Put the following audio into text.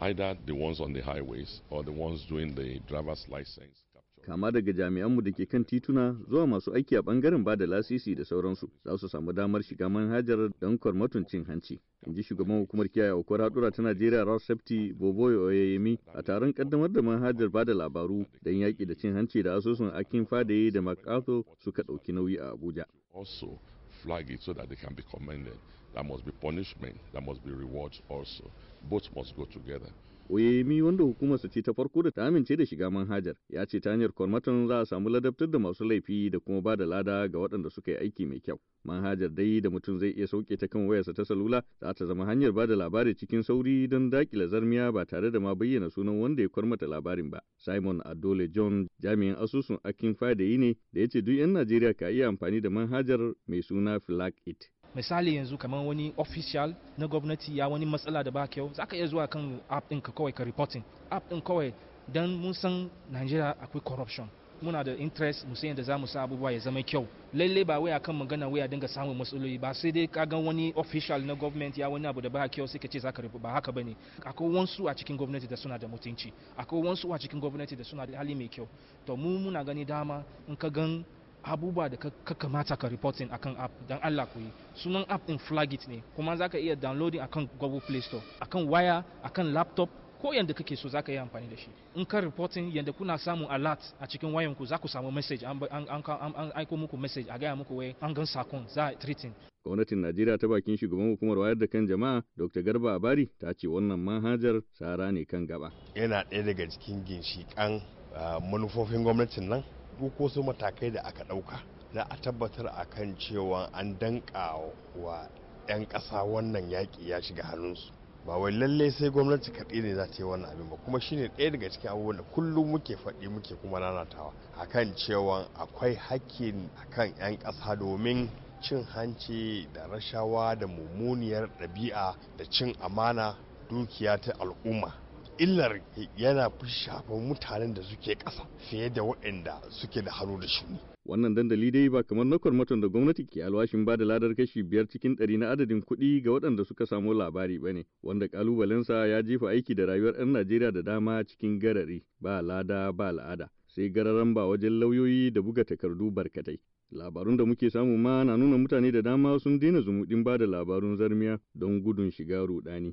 either the ones on or the ones the driver's license. kama daga jami'anmu da ke kan tituna zuwa masu aiki a bangaren ba da lasisi da sauransu za su samu damar shiga manhajar don kwarmatun cin hanci in ji shugaban hukumar kiyaye aukuwar hadura ta najeriya ross safety boboy oyeyemi a taron kaddamar da manhajar ba da labaru don yaƙi da cin hanci da asusun akin fadaye da makato suka ɗauki nauyi a abuja flag it so that they can be commended. There must be punishment, there must be rewards also. Both must go together. oyemi wanda hukumarsa ce ta farko da ta amince da shiga manhajar ya ce ta hanyar kwarmaton za a samu ladabtar da masu laifi da kuma ba da lada ga waɗanda suka yi aiki mai kyau. Manhajar dai da mutum zai iya sauke ta kan wayarsa ta salula za ta zama hanyar ba da labari cikin sauri don dakila zarmiya ba tare da ma bayyana sunan wanda ya kwarmata labarin ba. Simon Adole John jami'in asusun Akin Fadayi ne da ya ce duk 'yan Najeriya ka iya amfani da manhajar mai suna Flag It. misali yanzu kamar wani official na gwamnati ya wani matsala da ba kyau za ka iya zuwa kan app ɗin ka kawai ka reporting app ɗin kawai don mun san najeriya akwai corruption muna da interest mu san yadda za mu sa abubuwa ya zama kyau lalle ba wai kan magana wai a dinga samun matsaloli ba sai dai ka gan wani official na government ya wani abu da ba kyau sai ka ce zaka rubu ba haka bane akwai wansu a cikin gwamnati da suna da mutunci akwai wansu a cikin gwamnati da suna da hali mai kyau to mu muna gani dama in ka gan abubuwa da ka kamata ka reporting akan app dan Allah ku sunan app din flagit ne kuma za ka iya downloading akan google play store akan waya akan laptop ko yadda kake so za ka yi amfani da shi in ka reporting yadda kuna samun alert a cikin wayanku za ku samu message an aiko muku message a gaya muku wai an gan sakon za a treating gwamnatin najeriya ta bakin shugaban hukumar wayar da kan jama'a dr garba abari ta ce wannan manhajar sara ne kan gaba yana ɗaya daga cikin ginshiƙan ah, manufofin gwamnatin nan duk wasu matakai da aka ɗauka za a tabbatar a kan cewa an danka wa 'yan ƙasa wannan yaƙi ya shiga hannunsu ba wai lalle sai gwamnati kaɗai ne za ta yi wannan abin ba kuma shine ɗaya daga cikin abubuwan da kullum muke faɗi muke kuma a kan cewa akwai hakkin kan 'yan ƙasa domin cin hanci da rashawa da mummuniyar ɗabi'a da cin amana dukiya ta al'umma illar yana fi shafan mutanen da suke ƙasa fiye da waɗanda suke da hannu da shuni. Wannan dandali dai ba kamar na kwarmaton da gwamnati ke alwashin ba da ladar kashi biyar cikin ɗari na adadin kuɗi ga waɗanda suka samu labari ba ne, wanda ƙalubalensa ya jefa aiki da rayuwar 'yan Najeriya da dama cikin garari ba lada ba al'ada. Sai gararan ba wajen lauyoyi da buga takardu barkatai. Labarun da muke samu ma na nuna mutane da dama sun daina zumuɗin ba da labarun zarmiya don gudun shiga ruɗani.